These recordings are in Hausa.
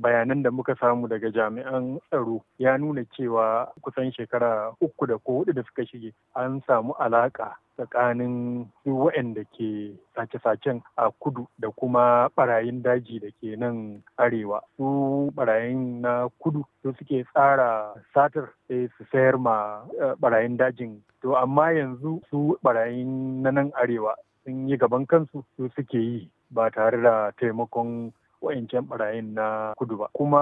bayanan da muka samu daga jami'an tsaro ya nuna cewa kusan shekara uku da ko hudu da suka shige an samu alaka tsakanin waɗanda ke sace-sacen a kudu da kuma barayin daji da ke nan arewa su barayin na kudu su suke tsara satar sai su sayar ma barayin eh, dajin to amma yanzu su barayin na nan arewa sun yi gaban kansu su suke yi ba tare da taimakon wayancan barayin na kudu ba kuma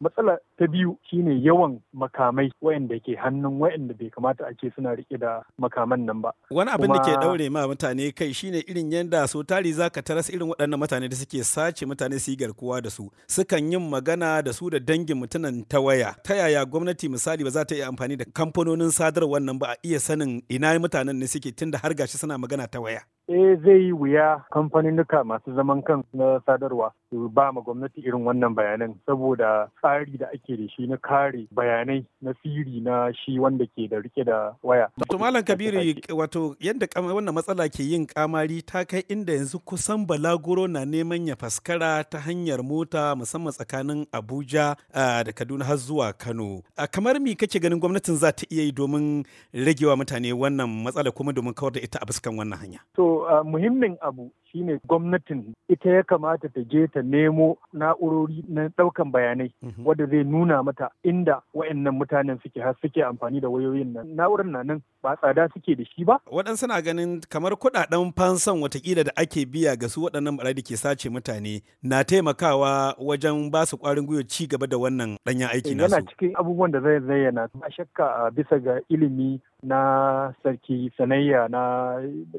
matsala ta biyu shine yawan makamai wayanda ke hannun wayanda bai kamata a ce suna rike da makaman nan ba wani abin da ke daure ma mutane kai shine irin yanda so tari zaka taras irin waɗannan mutane da suke sace mutane su yi garkuwa da su sukan yin magana da su da dangin mutunan ta waya ta yaya gwamnati misali ba za ta iya amfani da kamfanonin sadarwar nan ba a iya sanin ina mutanen ne suke tunda har gashi suna magana ta waya eh zai yi wuya kamfaninnuka masu zaman kan na sadarwa su ba ma gwamnati irin wannan bayanan saboda tsari da ake da shi na kare bayanai na siri na shi wanda ke da rike da waya. Wato Malam Kabiru wato yadda wannan matsala ke yin kamari ta kai inda yanzu kusan balaguro na neman ya faskara ta hanyar mota musamman tsakanin Abuja da Kaduna har zuwa Kano. Kamar mi kake ganin gwamnatin za ta iya yi domin ragewa mutane wannan matsala kuma domin kawar da ita a fuskan wannan hanya? To Eh, muhimmin abu shine gwamnatin ita ya kamata ta je ta nemo na'urori na ɗaukan bayanai mhm. wadda zai nuna mata inda wa'annan mutanen suke har suke amfani da wayoyin nan na'urar na nan ba tsada suke da shi ba waɗansu na ganin kamar kuɗaɗen fansan watakila da ake biya ga su waɗannan ɓarai da ke sace mutane na taimakawa wajen ba su ƙwarin gwiwa ci gaba da wannan ɗanyen aiki nasu yana cikin abubuwan da zai zayyana ba shakka bisa ga ilimi na sarki sanayya na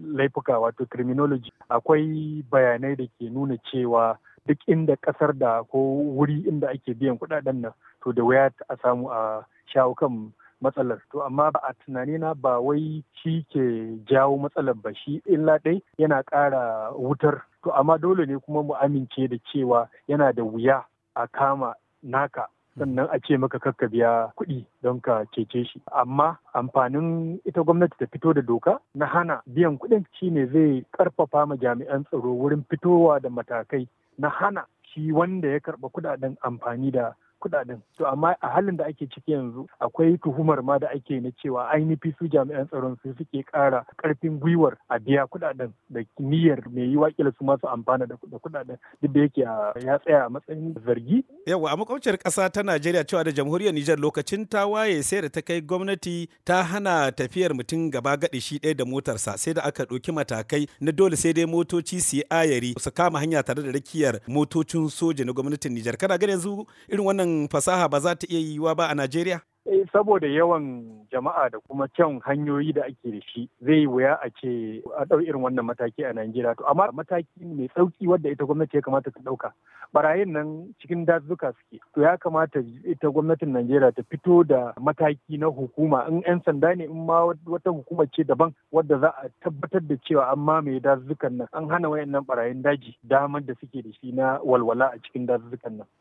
laifuka wato criminology akwai akwai bayanai da ke nuna cewa duk inda kasar da ko wuri inda ake biyan kudaden nan to da waya a samu a shawo kan matsalar to amma ba a tunani na ba wai shi ke jawo matsalar ba shi illa ɗai yana ƙara wutar to amma dole ne kuma mu amince da cewa yana da wuya a kama naka sannan a ce maka kakka biya kuɗi don ka cece shi amma amfanin ita gwamnati ta fito da doka na hana biyan kuɗin shine zai karfafa ma jami'an tsaro wurin fitowa da matakai na hana shi wanda ya karɓa kuɗaɗen amfani da kudaden to amma a halin da ake ciki yanzu akwai tuhumar ma da ake na cewa ainihi su jami'an tsaron su suke kara karfin gwiwar a biya kudaden da niyyar mai yi wakila su masu amfana da kudaden duk da yake ah, ya tsaya a matsayin zargi yawa a makwabciyar kasa ta Najeriya cewa da jamhuriyar Nijar lokacin ta waye sai da ta kai gwamnati ta hana tafiyar mutum gaba gadi shi ɗaya da motarsa sai da aka ɗauki matakai na dole sai dai motoci su yi ayari su kama hanya tare da rakiyar motocin soja na gwamnatin Nijar kana ganin yanzu irin wannan wannan fasaha ba za ta iya yiwuwa ba a Najeriya? Eh, saboda yawan jama'a da kuma kyan hanyoyi da ake da shi zai wuya a ce a ɗau irin wannan mataki a Najeriya to amma mataki mai sauki wadda ita gwamnati ya kamata ta ɗauka barayin nan cikin dazuka suke to ya kamata ita gwamnatin Najeriya ta fito da mataki na hukuma in 'yan sanda ne in ma wata hukuma ce daban wadda za a tabbatar da cewa an mamaye dazukan nan an hana wayannan barayin daji damar da suke da shi na walwala a cikin dazukan nan